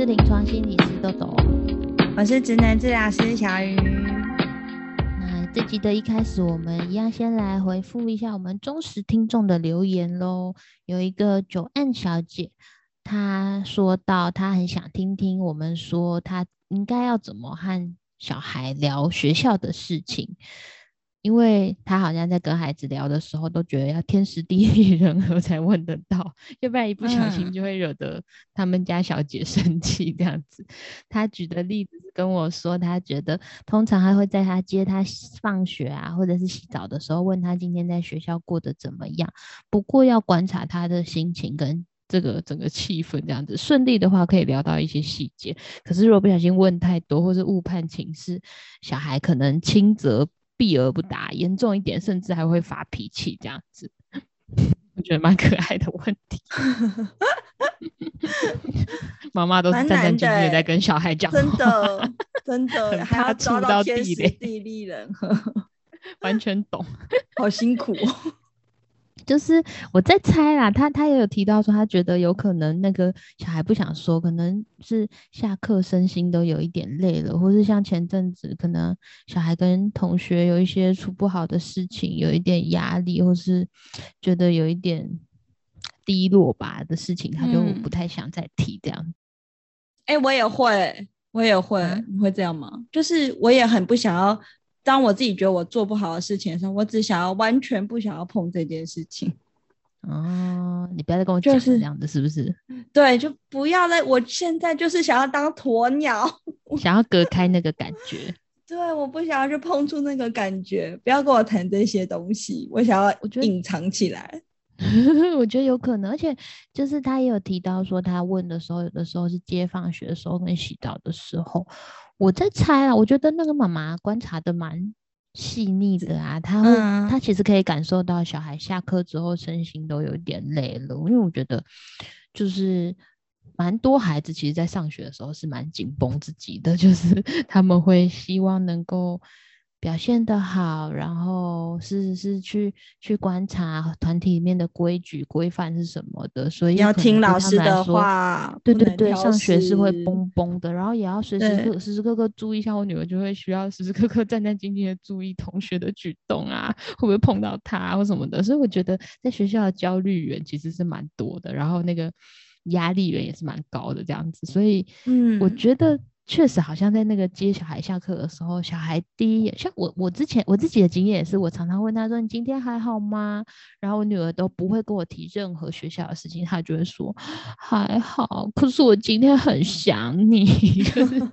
是臨床心理師豆豆，我是職能治療師小魚，那這一集的一開始，我們一樣先來回復一下我們忠實聽眾的留言嘍。有一個九案小姐，她說到她很想聽聽我們說，她應該要怎麼和小孩聊學校的事情。因為他好像在跟孩子聊的時候，都覺得要天時地利人和才問得到，要不然一不小心就會惹得他們家小姐生氣這樣子。他舉的例子跟我說，他覺得通常還會在他接他放學啊，或者是洗澡的時候問他今天在學校過得怎麼樣。不過要觀察他的心情跟這個整個氣氛這樣子，順利的話可以聊到一些細節。可是如果不小心問太多，或是誤判情勢，小孩可能輕則。避而不答，嚴重一點，甚至還會發脾氣，這樣子， 我覺得蠻可愛的問題。媽媽 都是戰戰兢兢在跟小孩講話。欸、真的，真的，還要抓不到地力，地利人， 完全懂，好辛苦。就是我在猜啦，他他也有提到說，他覺得有可能那個小孩不想說，可能是下課身心都有一點累了，或是像前陣子可能小孩跟同學有一些處不好的事情，有一點壓力，或是覺得有一點低落吧的事情，他就不太想再提這樣。哎、嗯欸，我也會，我也會，嗯、你會這樣嗎？就是我也很不想要。當我自己覺得我做不好的事情的時候，我只想要完全不想要碰這件事情。哦，你不要再跟我講是這樣的，就是、是不是？對，就不要再。我現在就是想要當鴕鳥， 想要隔開那個感覺。對，我不想要去碰觸那個感覺，不要跟我談這些東西。我想要，隱藏起來。 我覺得有可能，而且就是他也有提到說，他問的時候，有的時候是接放學的時候，跟洗澡的時候。我在猜啊，我覺得那個媽媽觀察的蠻細膩的啊，他會，嗯啊、他其實可以感受到小孩下課之後身心都有一點累了。因為我覺得，就是蠻多孩子其實，在上學的時候是蠻緊繃自己的，就是他們會希望能夠。表現得好，然後是是去去觀察團體裡面的規矩規範是什麼的，所以要聽老師的話。對對對，上學是會崩崩的，然後也要隨時，時刻對時時刻刻注意一下。我女兒就會需要時時刻刻戰戰兢兢的注意同學的舉動啊，會不會碰到她，啊、或什麼的。所以我覺得在學校的焦慮源其實是蠻多的，然後那個壓力源也是蠻高的，這樣子。所以，嗯，我覺得、嗯。確實，好像在那個接小孩下課的時候，小孩第一眼像我，我之前我自己的經驗也是，我常常問他說：“你今天還好嗎？”然後我女兒都不會跟我提任何學校的事情，她就會說：“還好，可是我今天很想你。”嗯 就是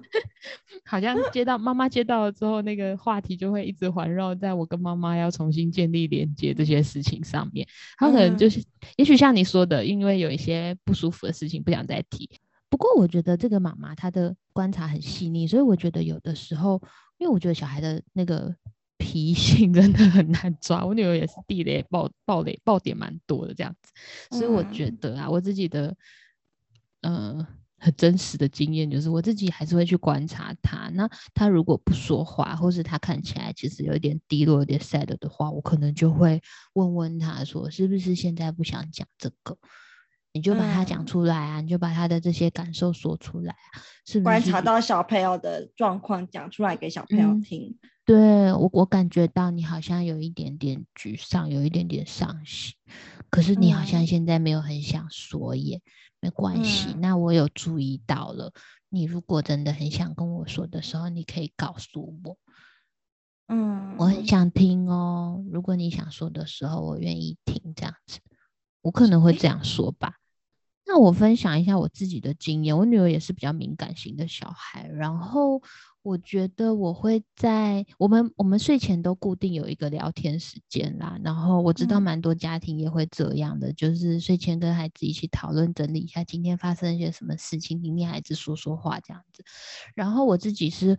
好像接到媽媽接到了之後，那個話題就會一直環繞在我跟媽媽要重新建立連接這些事情上面。他可能就是，嗯啊、也許像你說的，因為有一些不舒服的事情，不想再提。不過我覺得這個媽媽她的觀察很細膩，所以我覺得有的時候，因為我覺得小孩的那個脾性真的很難抓。我女兒也是地雷爆爆雷爆點蠻多的這樣子，所以我覺得啊，我自己的嗯、呃、很真實的經驗就是，我自己還是會去觀察他。那他如果不說話，或是他看起來其實有一點低落、有點 sad 的話，我可能就會問問他說，是不是現在不想講這個？你就把他講出來啊！嗯、你就把他的這些感受說出來啊！是觀察到小朋友的狀況，講出來給小朋友聽。嗯、對，我，我感覺到你好像有一點點沮喪，有一點點傷心。可是你好像現在沒有很想說耶，嗯，沒關係。嗯、那我有注意到了。你如果真的很想跟我說的時候，你可以告訴我。嗯，我很想聽哦。如果你想說的時候，我願意聽。這樣子，我可能會這樣說吧。嗯那我分享一下我自己的經驗，我女兒也是比較敏感型的小孩，然後我覺得我會在我們我們睡前都固定有一個聊天時間啦，然後我知道蠻多家庭也會這樣的，嗯、就是睡前跟孩子一起討論整理一下今天發生一些什麼事情，聽聽孩子說說話這樣子，然後我自己是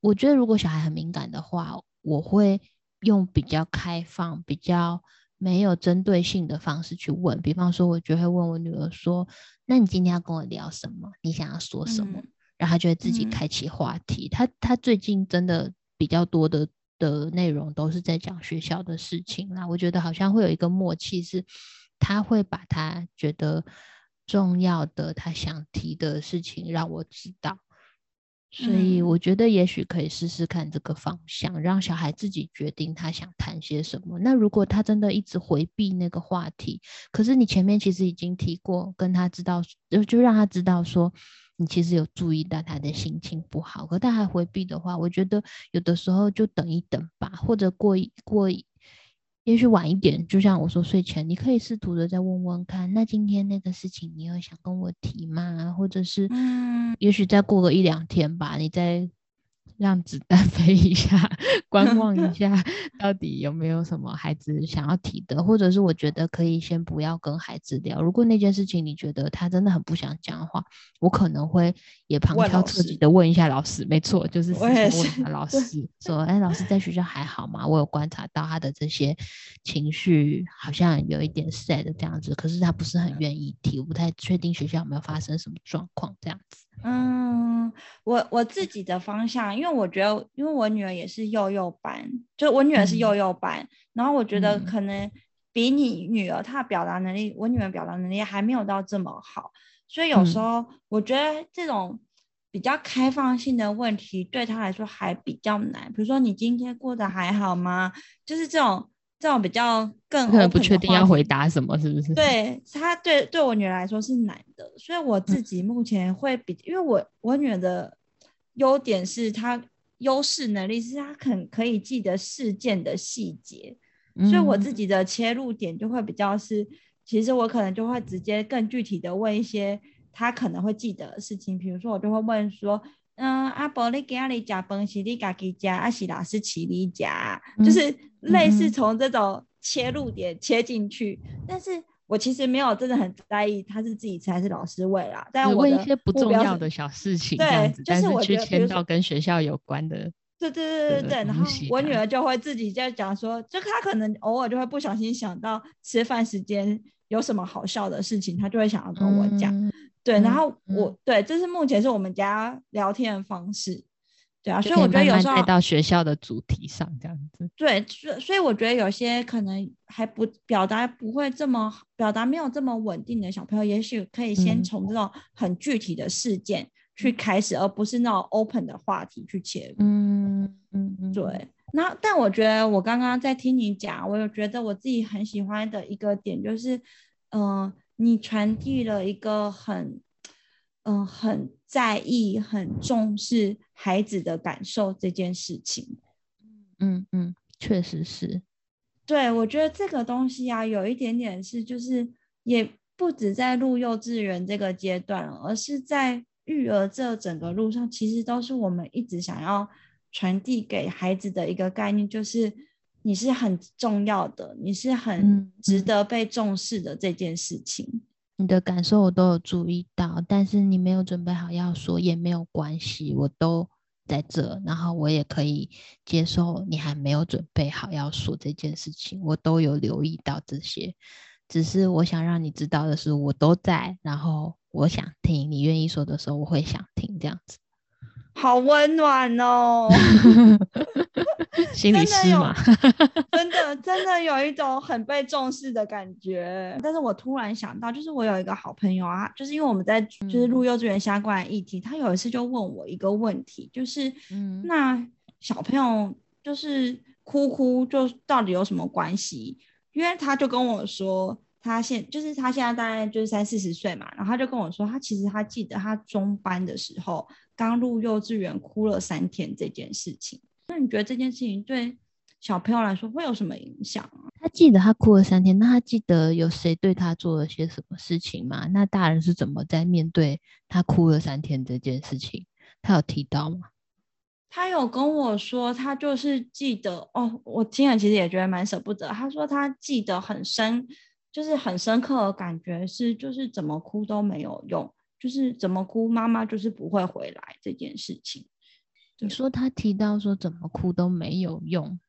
我覺得如果小孩很敏感的話，我會用比較開放比較。沒有針對性的方式去問，比方說，我就會問我女兒說：“那你今天要跟我聊什麼？你想要說什麼？”嗯、然後她就會自己開啟話題。嗯、她她最近真的比較多的的內容都是在講學校的事情啦。那我覺得好像會有一個默契是，是她會把她覺得重要的、她想提的事情讓我知道。所以我覺得，也許可以試試看這個方向，嗯、讓小孩自己決定他想談些什麼。那如果他真的一直回避那個話題，可是你前面其實已經提過，跟他知道，就就讓他知道說，你其實有注意到他的心情不好，可他還回避的話，我覺得有的時候就等一等吧，或者過一過一。也許晚一點，就像我說睡前，你可以試圖的再問問看。那今天那個事情，你有想跟我提嗎？或者是，嗯，也許再過個一兩天吧，你再。讓子彈飛一下，觀望一下，到底有沒有什麼孩子想要提的， 或者是我覺得可以先不要跟孩子聊。如果那件事情你覺得他真的很不想講的話，我可能會也旁敲側擊的問一下老師。老師。沒錯，就是問老師說：“ 哎， 老師在學校還好嗎？我有觀察到他的這些情緒好像有一點 sad 這樣子，可是他不是很願意提，我不太確定學校有沒有發生什麼狀況這樣子。”嗯，我我自己的方向，因為我覺得，因為我女兒也是幼幼班，就我女兒是幼幼班，嗯、然後我覺得可能比你女兒她的表達能力，嗯、我女兒表達能力還沒有到這麼好，所以有時候我覺得這種比較開放性的問題對她來說還比較難，比如說你今天過得還好嗎？就是這種。這種比較更的可能不確定要回答什麼，是不是？對他對，對我女兒來說是難的，所以我自己目前會比，嗯、因為我我女兒的優點是她優勢能力是她肯可以記得事件的細節，嗯、所以我自己的切入點就會比較是，其實我可能就會直接更具體的問一些她可能會記得的事情，比如說我就會問說，嗯，阿伯你給阿里加飯，是你家給家阿喜老師吃你家，嗯、就是。類似從這種切入點切進去，嗯、但是我其實沒有真的很在意他是自己吃還是老師餵啦。但我問一些不重要的小事情，對，就是我去簽到跟學校有關的。對對對對對、對、對、對，然後我女兒就會自己在講說，就她可能偶爾就會不小心想到吃飯時間有什麼好笑的事情，她就會想要跟我講。嗯、對，然後我、嗯嗯、對，這是目前是我們家聊天的方式。對啊，所以我覺得有時候帶到學校的主題上這樣子，對，所所以我覺得有些可能還不表達不會這麼表達沒有這麼穩定的小朋友，也許可以先從這種很具體的事件去開始，嗯、而不是那種 open 的話題去切入。嗯嗯嗯，對。那但我覺得我剛剛在聽你講，我有覺得我自己很喜歡的一個點就是，嗯、呃，你傳遞了一個很。嗯、呃，很在意、很重視孩子的感受這件事情。嗯嗯嗯，確實是。對，我覺得這個東西啊，有一點點是，就是也不止在入幼稚園這個階段，而是在育兒這整個路上，其實都是我們一直想要傳遞給孩子的一個概念，就是你是很重要的，你是很值得被重視的這件事情。嗯嗯你的感受我都有注意到，但是你沒有準備好要說也沒有關係，我都在這，然後我也可以接受你還沒有準備好要說這件事情，我都有留意到這些，只是我想讓你知道的是我都在，然後我想聽你願意說的時候，我會想聽這樣子。好溫暖哦， 心理師嘛 真的有，真的真的有一種很被重視的感覺。 但是我突然想到，就是我有一個好朋友啊，就是因為我們在就是錄幼稚園相關的議題，嗯、他有一次就問我一個問題，就是嗯，那小朋友就是哭哭，就到底有什麼關係？因為他就跟我說，他現就是他現在大概就是三四十歲嘛，然後他就跟我說，他其實他記得他中班的時候。剛入幼稚園哭了三天這件事情，那你覺得這件事情對小朋友來說會有什麼影響啊？他記得他哭了三天，那他記得有誰對他做了些什麼事情嗎？那大人是怎麼在面對他哭了三天這件事情？他有提到嗎？他有跟我說，他就是記得哦，我聽了其實也覺得蠻舍不得。他說他記得很深，就是很深刻的感覺是，就是怎麼哭都沒有用。就是怎麼哭，媽媽就是不會回來這件事情。你說他提到說怎麼哭都沒有用，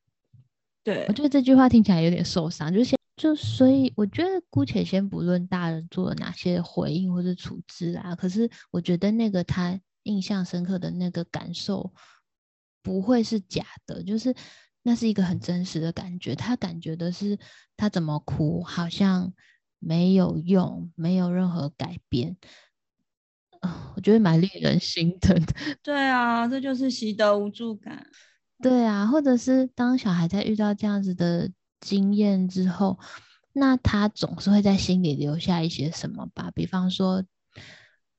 對，我覺得這句話聽起來有點受傷。就先就所以，我覺得姑且先不論大人做了哪些回應或是處置啊，可是我覺得那個他印象深刻的那個感受不會是假的，就是那是一個很真實的感覺。他感覺的是他怎麼哭好像沒有用，沒有任何改變。我覺得蠻令人心疼的。對啊，這就是習得無助感。對啊，或者是當小孩在遇到這樣子的經驗之後，那他總是會在心裡留下一些什麼吧？比方說，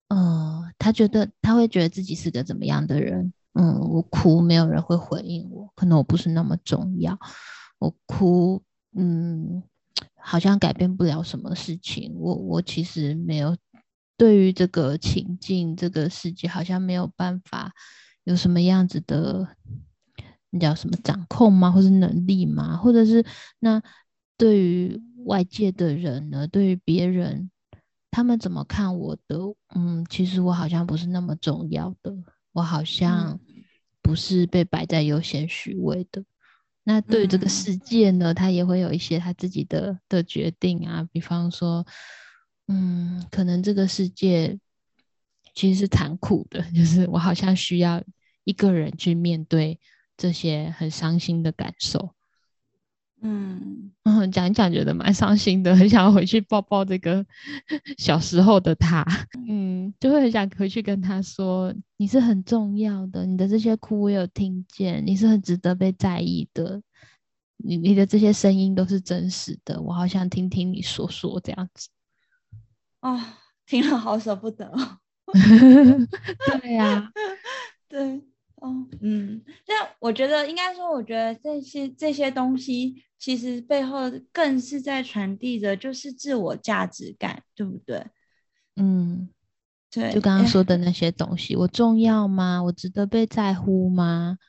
嗯、呃，他覺得他會覺得自己是個怎麼樣的人？嗯，我哭沒有人會回應我，可能我不是那麼重要。我哭，嗯，好像改變不了什麼事情。我我其實沒有。對於這個情境，這個世界好像沒有辦法有什麼樣子的，那叫什麼掌控嗎？或是能力嗎？或者是那對於外界的人呢？對於別人，他們怎麼看我的？嗯，其實我好像不是那麼重要的，我好像不是被擺在優先序位的。那對於這個世界呢，他也會有一些他自己的的決定啊，比方說。嗯，可能這個世界其實是殘酷的，嗯、就是我好像需要一個人去面對這些很傷心的感受。嗯嗯，講一講覺得蠻傷心的，很想要回去抱抱這個小時候的他。嗯，就會很想回去跟他說：“你是很重要的，你的這些哭我有聽見，你是很值得被在意的。你你的這些聲音都是真實的，我好想聽聽你說說這樣子。”哦，聽了好捨不得。 對呀、啊， 對，哦，嗯，但我覺得應該說，我覺得這些這些東西其實背後更是在傳遞着，就是自我價值感，對不對？嗯，對，就剛剛說的那些東西，欸、我重要嗎？我值得被在乎嗎？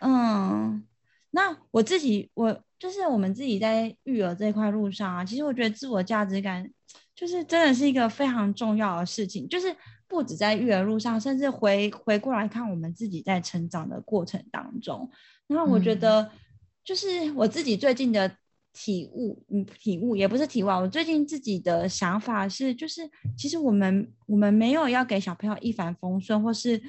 嗯，那我自己，我就是我們自己在育兒這塊路上啊，其實我覺得自我價值感。就是真的是一個非常重要的事情，就是不止在育兒路上，甚至回回過來看我們自己在成長的過程當中。然後我覺得，就是我自己最近的體悟，嗯，體悟也不是體悟啊，我最近自己的想法是，就是其實我們我們沒有要給小朋友一帆風順，或是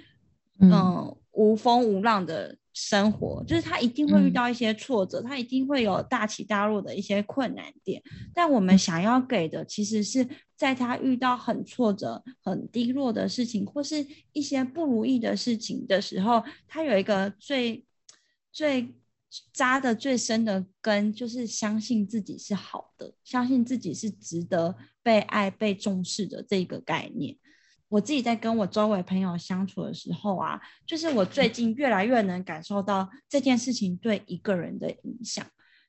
嗯，呃，無風無浪的。生活，就是他一定會遇到一些挫折，嗯、他一定會有大起大落的一些困難點。但我們想要給的，其實是在他遇到很挫折、很低落的事情，或是一些不如意的事情的時候，他有一個最最扎的最深的根，就是相信自己是好的，相信自己是值得被愛、被重視的這個概念。我自己在跟我周圍朋友相處的時候啊，就是我最近越來越能感受到這件事情對一個人的影響。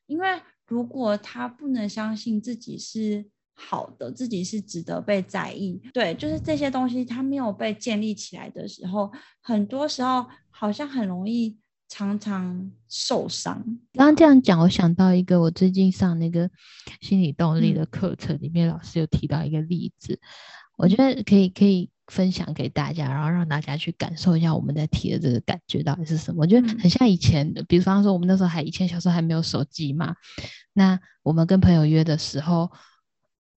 因為如果他不能相信自己是好的，自己是值得被在意，對，就是這些東西他沒有被建立起來的時候，很多時候好像很容易。常常受傷。剛剛這樣講，我想到一個，我最近上那個心理動力的課程，裡面老師有提到一個例子，嗯、我覺得可以可以分享給大家，然後讓大家去感受一下我們在提的這個感覺到底是什麼。我覺得很像以前，嗯、比方說我們那時候還以前小時候還沒有手機嘛，那我們跟朋友約的時候，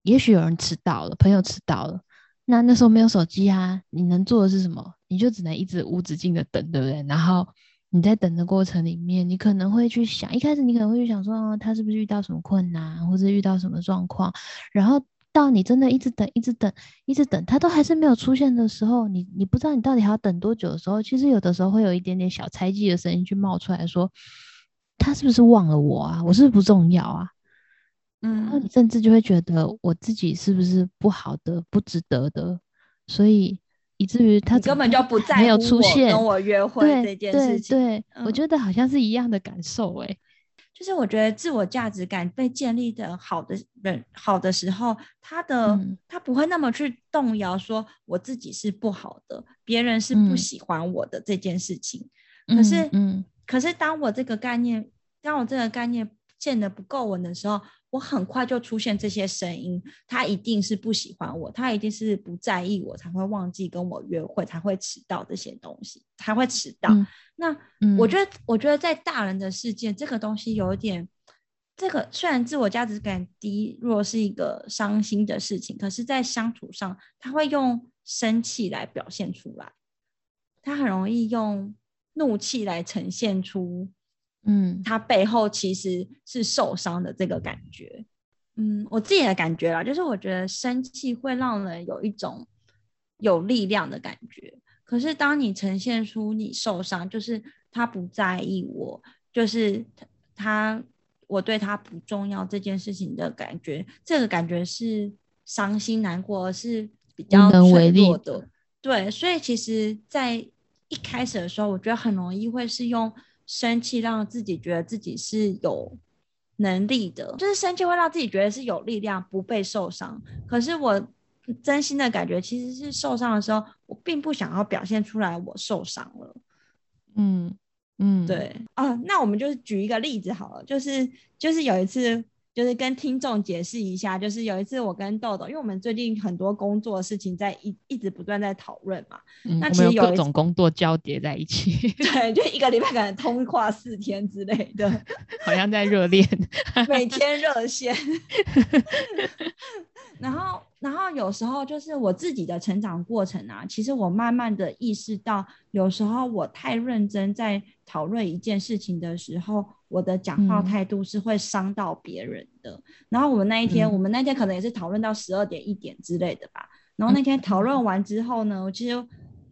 也許有人遲到了，朋友遲到了，那那時候沒有手機啊，你能做的是什麼？你就只能一直無止境的等，對不對？然後。你在等的過程裡面，你可能會去想，一開始你可能會去想說，啊，他是不是遇到什麼困難，或是遇到什麼狀況？然後到你真的一直等，一直等，一直等，他都還是沒有出現的時候，你你不知道你到底還要等多久的時候，其實有的時候會有一點點小猜忌的聲音去冒出來說，他是不是忘了我啊？我是不是不重要啊？嗯，然後你甚至就會覺得我自己是不是不好的、不值得的，所以。以至於他根本就不在乎出現我跟我約會這件事情對。對，對嗯、我覺得好像是一樣的感受誒、欸。就是我覺得自我價值感被建立的好的人好的時候，他的他、嗯、不會那麼去動搖，說我自己是不好的，別人是不喜歡我的這件事情。嗯、可是，嗯、可是當我這個概念，當我這個概念。建得不夠穩的時候，我很快就出現這些聲音。他一定是不喜歡我，他一定是不在意我，才會忘記跟我約會，才會遲到這些東西，才會遲到。嗯、那我覺得，嗯、我覺得在大人的世界，這個東西有點，這個雖然自我價值感低落是一個傷心的事情，可是，在相處上，他會用生氣來表現出來，他很容易用怒氣來呈現出。嗯，他背後其實是受傷的這個感覺。嗯，我自己的感覺啦，就是我覺得生氣會讓人有一種有力量的感覺。可是當你呈現出你受傷，就是他不在意我，就是他我對他不重要這件事情的感覺，這個感覺是傷心難過，是比較脆弱的。對，所以其實，在一開始的時候，我覺得很容易會是用。生氣讓自己覺得自己是有能力的，就是生氣會讓自己覺得是有力量，不被受傷。可是我真心的感覺其實是受傷的時候，我並不想要表現出來我受傷了。嗯嗯，嗯對啊。那我們就舉一個例子好了，就是就是有一次。就是跟聽眾解釋一下，就是有一次我跟豆豆，因為我們最近很多工作事情在一一直不斷在討論嘛，嗯，那其實有，有各種工作交疊在一起，對，就一個禮拜可能通話四天之類的， 好像在熱戀， 每天熱線， 然後。然後有時候就是我自己的成長過程啊，其實我慢慢的意識到，有時候我太認真在討論一件事情的時候，我的講話態度是會傷到別人的。嗯、然後我們那一天，嗯、我們那天可能也是討論到十二點一點之類的吧。然後那天討論完之後呢，嗯、我其實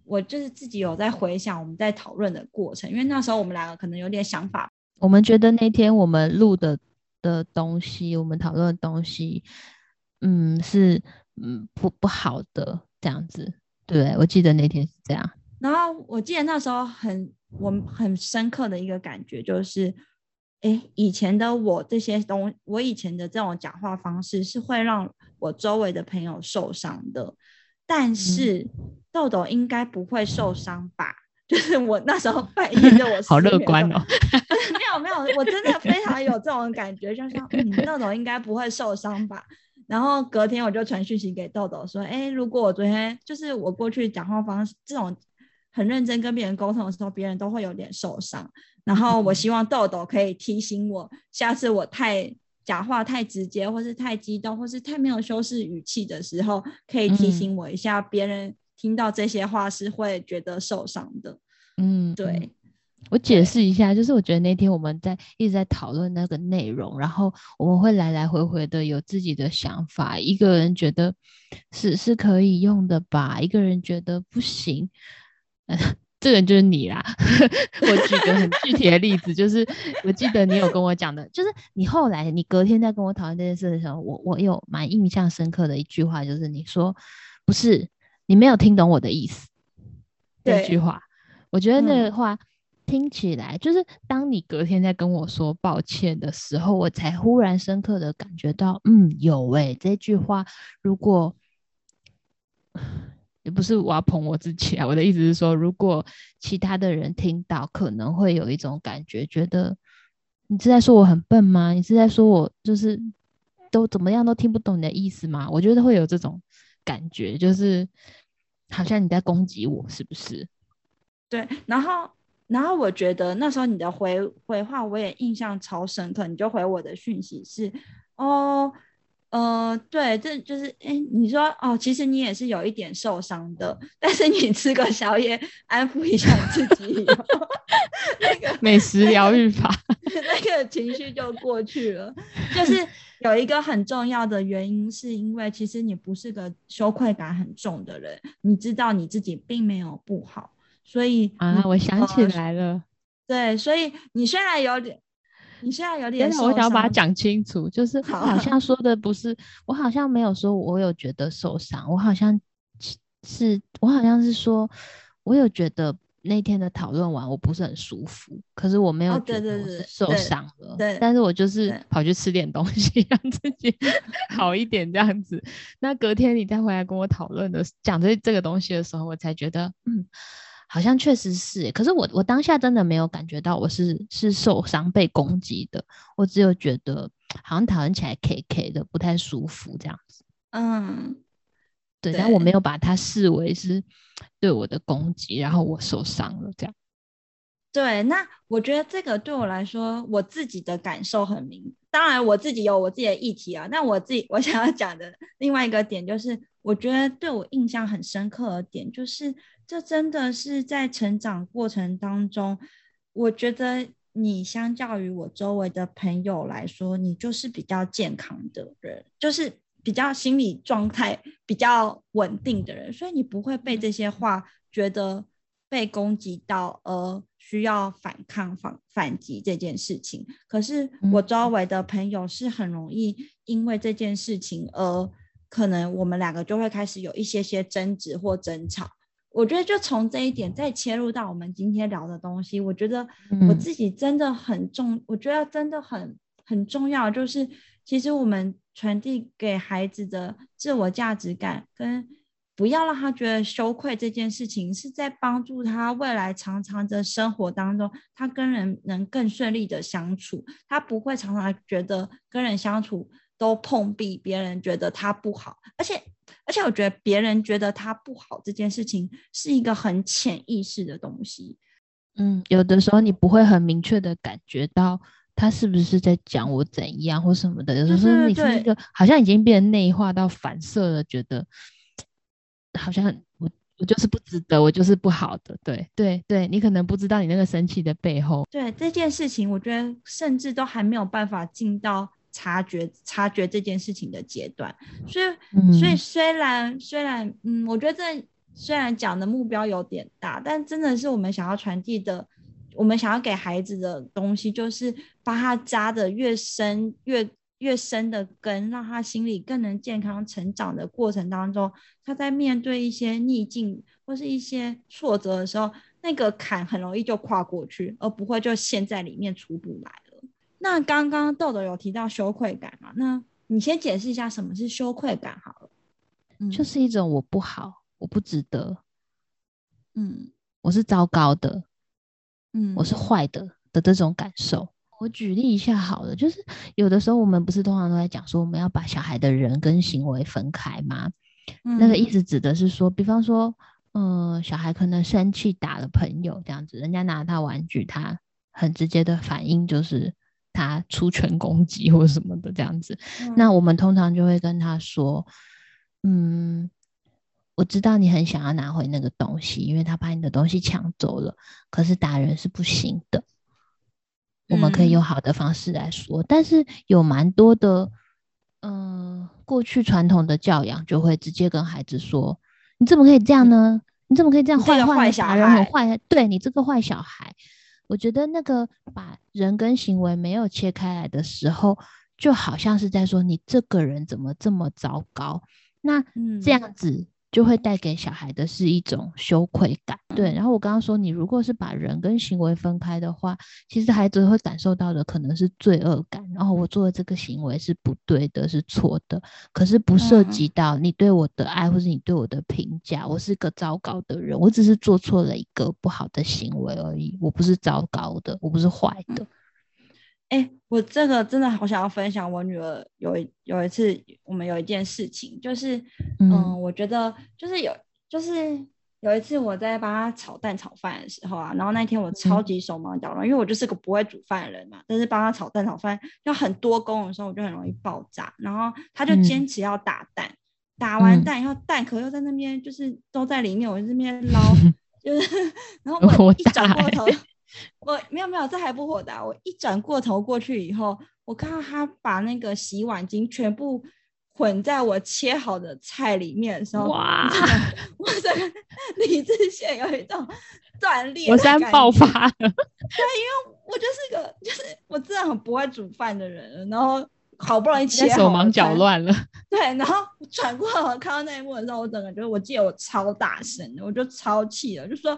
我就是自己有在回想我們在討論的過程，因為那時候我們兩個可能有點想法。我們覺得那天我們錄的的東西，我們討論的東西。嗯，是嗯不不好的這樣子，對，我記得那天是這樣。然後我記得那時候很，我很深刻的一個感覺就是，哎、欸，以前的我這些東，我以前的這種講話方式是會讓我周圍的朋友受傷的。但是、嗯、豆豆應該不會受傷吧？就是我那時候反映的，我是 好樂觀哦。 沒有沒有，我真的非常有這種感覺， 就是說、嗯，豆豆應該不會受傷吧。然後隔天我就傳訊息給豆豆說：“哎，如果我昨天就是我過去講話方式這種很認真跟別人溝通的時候，別人都會有點受傷。然後我希望豆豆可以提醒我，下次我太講話太直接，或是太激動，或是太沒有修飾語氣的時候，可以提醒我一下，嗯、別人聽到這些話是會覺得受傷的。嗯”嗯，對。我解釋一下，就是我覺得那天我們在一直在討論那個內容，然後我們會來來回回的有自己的想法，一個人覺得是是可以用的吧，一個人覺得不行，呃，這個人就是你啦。 我舉個很具體的例子， 就是我記得你有跟我講的，就是你後來你隔天在跟我討論這件事的時候，我我有蠻印象深刻的一句話，就是你說不是你沒有聽懂我的意思這對句話，我覺得那個話。嗯聽起來就是，當你隔天在跟我說抱歉的時候，我才忽然深刻的感覺到，嗯，有哎、欸、這句話，如果也不是我要捧我自己啊，我的意思是說，如果其他的人聽到，可能會有一種感覺，覺得你是在說我很笨嗎？你是在說我就是都怎麼樣都聽不懂你的意思嗎？我覺得會有這種感覺，就是好像你在攻擊我，是不是？對，然後。然後我覺得那時候你的回回話我也印象超深刻，你就回我的訊息是，哦，呃，對，這就是，哎，你說，哦，其實你也是有一點受傷的，但是你吃個宵夜安撫一下自己以後， 那個美食療愈法，那個情緒就過去了。 就是有一個很重要的原因，是因為其實你不是個羞愧感很重的人，你知道你自己並沒有不好。所以啊，那我想起來了，對，所以你雖然有點，你雖然有點，但是我想要把它講清楚，就是好像說的不是好我，好像沒有說我有覺得受傷，我好像是我好像是說，我有覺得那天的討論完我不是很舒服，可是我沒有我、啊、對對對受傷了，對，對但是我就是跑去吃點東西對對對 讓自己好一點這樣子。那隔天你再回來跟我討論的講這這個東西的時候，我才覺得嗯。好像確實是，欸，可是我我當下真的沒有感覺到我是是受傷被攻擊的，我只有覺得好像討論起來 K K 的不太舒服這樣子。嗯，對，對但我沒有把它視為是對我的攻擊，然後我受傷了這樣。對，那我覺得這個對我來說，我自己的感受很明，當然我自己有我自己的議題啊。那我自己我想要講的另外一個點就是，我覺得對我印象很深刻的點就是。這真的是在成長過程當中，我覺得你相較於我周圍的朋友來說，你就是比較健康的人，就是比較心理狀態比較穩定的人，所以你不會被這些話覺得被攻擊到而需要反抗反、反擊這件事情。可是我周圍的朋友是很容易因為這件事情而可能我們兩個就會開始有一些些爭執或爭吵。我覺得就從這一點再切入到我們今天聊的東西，我覺得我自己真的很重要。我覺得真的很很重要，就是其實我們傳遞給孩子的自我價值感，跟不要讓他覺得羞愧這件事情，是在幫助他未來常常的生活當中，他跟人能更順利的相處，他不會常常覺得跟人相處都碰壁，別人覺得他不好，而且。而且我覺得別人覺得他不好這件事情是一個很潛意識的東西，嗯，有的時候你不會很明確的感覺到他是不是在講我怎樣或什麼的，就是、有的時候你是一個好像已經被人內化到反射了，對對對，覺得好像我我就是不值得，我就是不好的，對對對，你可能不知道你那個生氣的背後，對這件事情，我覺得甚至都還沒有辦法進到。察覺、察覺這件事情的階段，所以、嗯、所以雖然、雖然，嗯，我覺得這雖然講的目標有點大，但真的是我們想要傳遞的，我們想要給孩子的東西，就是把他扎得越深、越越深的根，讓他心裡更能健康成長的過程當中，他在面對一些逆境或是一些挫折的時候，那個坎很容易就跨過去，而不會就陷在裡面出不來。那剛剛豆豆有提到羞愧感嘛，啊，那你先解釋一下什麼是羞愧感好了。就是一種我不好，我不值得，嗯，我是糟糕的，嗯，我是壞的的這種感受。我舉例一下好了，就是有的時候我們不是通常都在講說我們要把小孩的人跟行為分開嘛？嗯、那個意思指的是說，比方說，嗯、呃，小孩可能生氣打了朋友，這樣子，人家拿他玩具，他很直接的反應就是。他出拳攻擊或什麼的這樣子，嗯、那我們通常就會跟他說：“嗯，我知道你很想要拿回那個東西，因為他把你的東西搶走了。可是打人是不行的，我們可以用好的方式來說。嗯、但是有蠻多的，嗯、呃，過去傳統的教養就會直接跟孩子說：‘你怎麼可以這樣呢？嗯、你怎麼可以這樣壞壞小孩？壞，對你這個壞小孩。’我覺得那個把人跟行為沒有切開來的時候，就好像是在說你這個人怎麼這麼糟糕。那這樣子，嗯。就會帶給小孩的是一種羞愧感，對。然後我剛剛說，你如果是把人跟行為分開的話，其實孩子會感受到的可能是罪惡感。然後我做的這個行為是不對的，是錯的。可是不涉及到你對我的愛，嗯、或是你對我的評價。我是個糟糕的人，我只是做錯了一個不好的行為而已。我不是糟糕的，我不是壞的。嗯哎、欸，我這個真的好想要分享。我女兒有一有一次，我們有一件事情，就是，嗯、呃，我覺得就是有，就是有一次我在幫她炒蛋炒飯的時候啊，然後那天我超級手忙腳亂，嗯、因為我就是個不會煮飯的人嘛、啊。但是幫她炒蛋炒飯要很多工的時候，我就很容易爆炸。然後她就堅持要打蛋，嗯、打完蛋以後蛋殼又在那邊，就是都在裡面，我就在那邊撈，嗯、就是、嗯、 然後我一轉過頭。我沒有沒有，這還不火大！我一轉過頭過去以後，我看到他把那個洗碗巾全部混在我切好的菜裡面的時候，哇！我的理智線有一種斷裂，我現在爆發了。對，因為我就是一個就是我真的很不會煮飯的人，然後好不容易切好，手忙腳亂了。對，然後轉過頭看到那一幕的時候，我整個覺得我記得我超大聲的，我就超氣了，就說。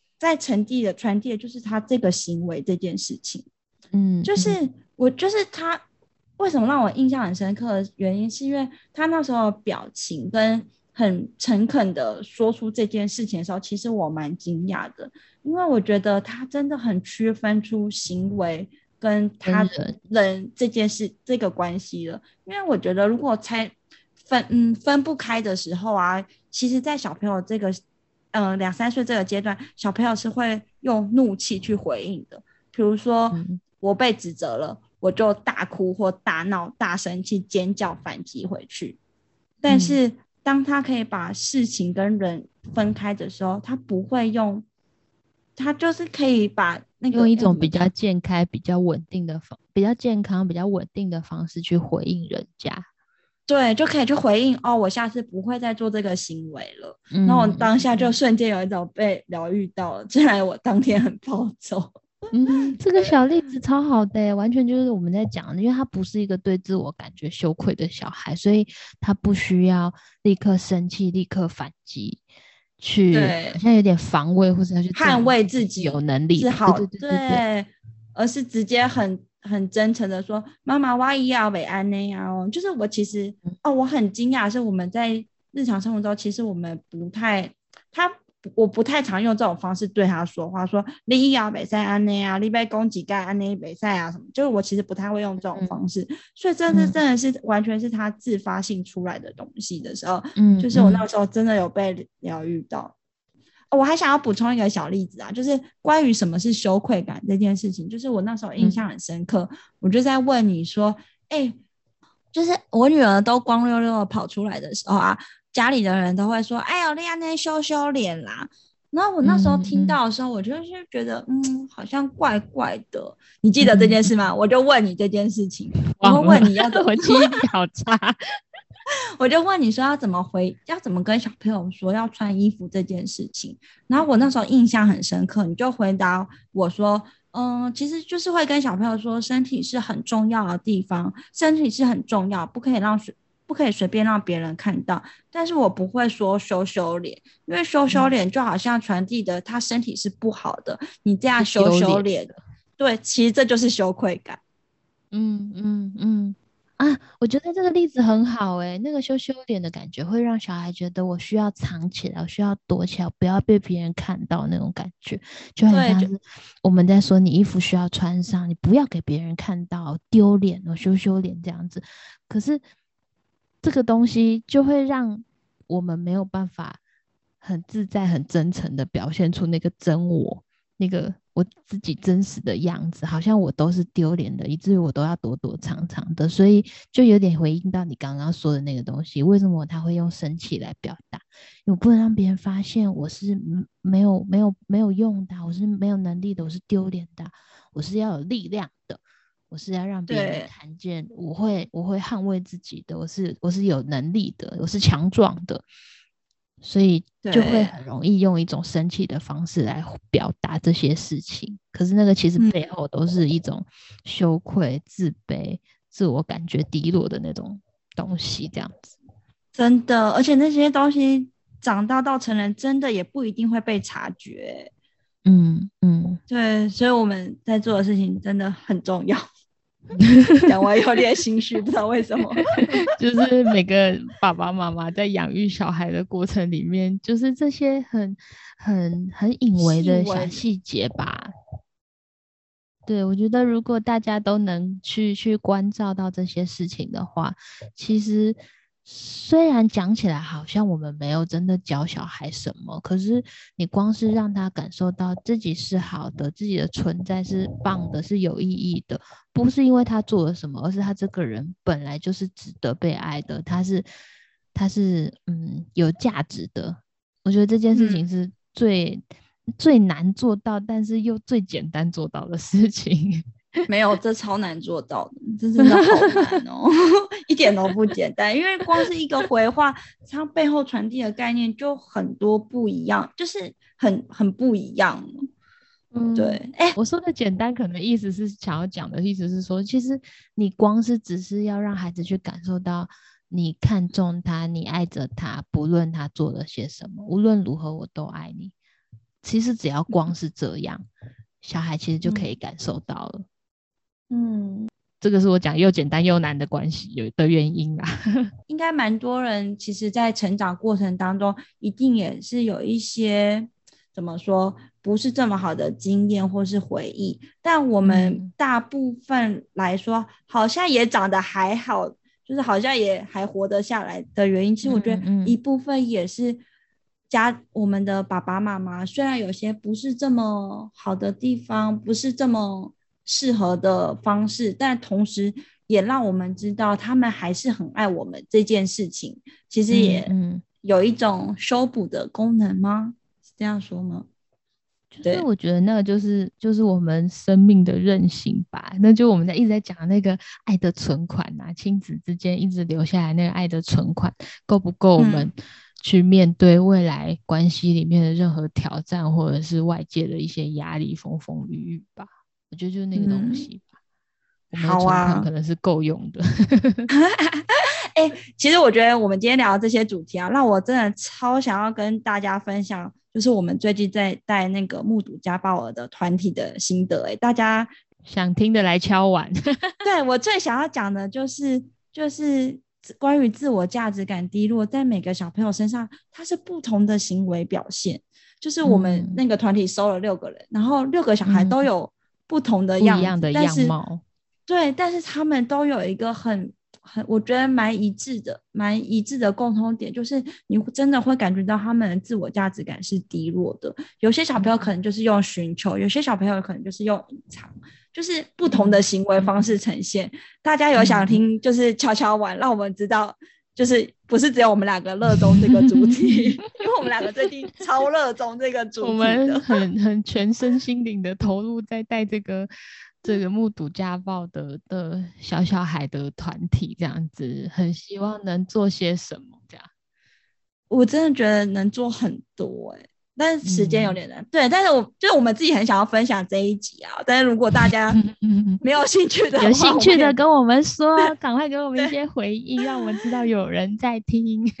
在成績的傳遞，就是他這個行為這件事情，嗯，就是我就是他為什麼讓我印象很深刻的原因，是因為他那時候表情跟很誠懇的說出這件事情的時候，其實我蠻驚訝的，因為我覺得他真的很區分出行為跟他的人這件事這個關係了，因為我覺得如果拆分，嗯，分不開的時候啊，其實，在小朋友這個。嗯，兩、呃、三歲這個階段，小朋友是會用怒氣去回應的。比如說，嗯、我被指責了，我就大哭或大鬧、大聲去尖叫反擊回去。但是，當他可以把事情跟人分開的時候，嗯、他不會用，他就是可以把那個用一種比較健開、比較穩定的方，比較健康、比較穩定的方式去回應人家。對，就可以去回應哦，我下次不會再做這個行為了。嗯、然後我當下就瞬間有一種被療癒到了。雖然我當天很暴走，嗯，這個小例子超好的、欸，完全就是我們在講的，因為他不是一個對自我感覺羞愧的小孩，所以他不需要立刻生氣、立刻反擊去，好對像有點防衛或者去捍衛自己有能力，是好對對，對對，而是直接很。很真誠的說，媽媽，我也要被安內呀？哦，就是我其實哦，我很驚訝，是我們在日常生活中，其實我們不太他，我不太常用這種方式對他說話，說你也要被塞安內啊，你被供給鈣安內被塞啊什麼，就是我其實不太會用這種方式，嗯、所以這是真的是完全是他自發性出來的東西的時候，嗯，嗯就是我那時候真的有被療癒到。我還想要補充一個小例子啊，就是關於什麼是羞愧感這件事情。就是我那時候印象很深刻，嗯、我就在問你說：“哎、欸，就是我女兒都光溜溜的跑出來的時候啊，家裡的人都會說：‘哎呀，那樣那羞羞臉啦。’”然後我那時候聽到的時候，嗯、我就是覺得，嗯，好像怪怪的。你記得這件事嗎？嗯、我就問你這件事情，嗯、我會問你要怎麼、哦、回答。 我就問你說要怎麼回，要怎麼跟小朋友說要穿衣服這件事情。然後我那時候印象很深刻，你就回答我說：“嗯，其實就是會跟小朋友說身體是很重要的地方，身體是很重要，不可以讓，不可以隨便讓別人看到。但是我不會說羞羞臉，因為羞羞臉就好像傳遞的他身體是不好的，嗯、你這樣羞羞臉，對，其實這就是羞愧感。嗯嗯嗯。嗯”嗯啊，我覺得這個例子很好誒、欸，那個羞羞臉的感覺會讓小孩覺得我需要藏起來，我需要躲起來，不要被別人看到那種感覺，就很像是我們在說你衣服需要穿上，你不要給別人看到丟臉哦，羞羞臉這樣子。可是這個東西就會讓我們沒有辦法很自在、很真誠地表現出那個真我，那個。我自己真實的樣子，好像我都是丟臉的，以至於我都要躲躲藏藏的，所以就有點回應到你剛剛說的那個東西。為什麼他會用生氣來表達？因為我不能讓別人發現我是沒有、沒有、沒有用的，我是沒有能力的，我是丟臉的，我是要有力量的，我是要讓別人看見，對我會、我會捍衛自己的，我是、我是有能力的，我是強壯的。所以就會很容易用一種生氣的方式來表達這些事情，對可是那個其實背後都是一種羞愧、自卑、嗯、自我感覺低落的那種東西，這樣子。真的，而且那些東西長大到成人，真的也不一定會被察覺。嗯嗯，嗯對，所以我們在做的事情真的很重要。講 完以後有點 心虛，不知道為什麼，就是每個爸爸媽媽在養育小孩的過程裡面， 就是這些很、很、很隱微的小細節吧。對，我覺得如果大家都能去去關照到這些事情的話，其實。雖然講起來好像我們沒有真的教小孩什麼，可是你光是讓他感受到自己是好的，自己的存在是棒的，是有意義的，不是因為他做了什麼，而是他這個人本來就是值得被愛的，他是，他是，嗯，有價值的。我覺得這件事情是最、嗯、最難做到，但是又最簡單做到的事情。 沒有，這超難做到的，這真的好難哦， 一點都不簡單。因為光是一個回話， 它背後傳遞的概念就很多不一樣，就是很很不一樣。嗯、對。哎、欸，我說的簡單，可能意思是想要講的意思是說，其實你光是只是要讓孩子去感受到，你看重他，你愛着他，不論他做了些什麼，無論如何我都愛你。其實只要光是這樣，嗯、小孩其實就可以感受到了。嗯嗯，這個是我講又簡單又難的關係有的原因啦、啊。 應該蠻多人其實，在成長過程當中，一定也是有一些怎麼說不是這麼好的經驗或是回憶，但我們大部分來說，嗯、好像也長得還好，就是好像也還活得下來的原因。其實我覺得一部分也是家我們的爸爸媽媽，嗯嗯、雖然有些不是這麼好的地方，不是這麼。適合的方式，但同時也讓我們知道他們還是很愛我們這件事情，其實也嗯有一種修補的功能嗎？是這樣說嗎？所以我覺得那個就是就是我們生命的韌性吧。那就我們在一直在講那個愛的存款啊，親子之間一直留下來那個愛的存款夠不夠我們去面對未來關係裡面的任何挑戰，嗯、或者是外界的一些壓力、風風雨雨吧？我覺得就是那個東西吧，嗯、好啊，床床可能是夠用的 欸。其實我覺得我們今天聊這些主題啊，讓我真的超想要跟大家分享，就是我們最近在帶那個目睹家暴兒的團體的心得、欸。大家想聽的來敲碗。 對，我最想要講的就是，就是關於自我價值感低落，在每個小朋友身上，他是不同的行為表現。就是我們那個團體收了六個人，嗯、然後六個小孩都有、嗯。不同的樣子，不一樣的樣貌。但是，對，但是他們都有一個很很，我覺得蠻一致的，蠻一致的共通點，就是你真的會感覺到他們的自我價值感是低落的。有些小朋友可能就是用尋求，有些小朋友可能就是用隱藏，就是不同的行為方式呈現。大家有想聽、嗯、就是敲敲碗，讓我們知道。就是不是只有我們兩個熱衷這個主題， 因為我們兩個最近超熱衷這個主題 我們很很全身心靈的投入在帶這個 這個目睹家暴的的小小孩的團體這樣子，很希望能做些什麼，這樣，我真的覺得能做很多誒、欸。但是時間有點難，嗯、對。但是我就是我們自己很想要分享這一集啊。但是如果大家沒有興趣的話，有興趣的跟我們說，趕 快給我們一些回應，對讓我們知道有人在聽。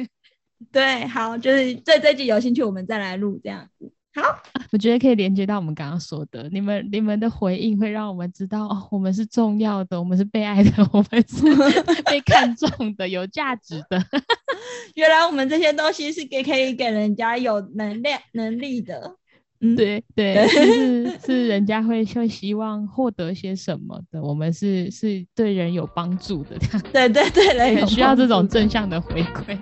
對，好，就是這這集有興趣，我們再來錄這樣子。好，我覺得可以連接到我們剛剛說的，你們你們的回應會讓我們知道，哦，我們是重要的，我們是被愛的，我們是被看重的， 有價值的。 原來我們這些東西是給可以給人家有能量能力的。對對，對 是是人家會會希望獲得些什麼的，我們是是對人有幫助的這樣。對對對，很需要這種正向的回饋。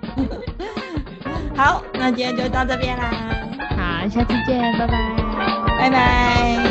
好，那今天就到這邊啦。我們下次見，拜拜，拜拜。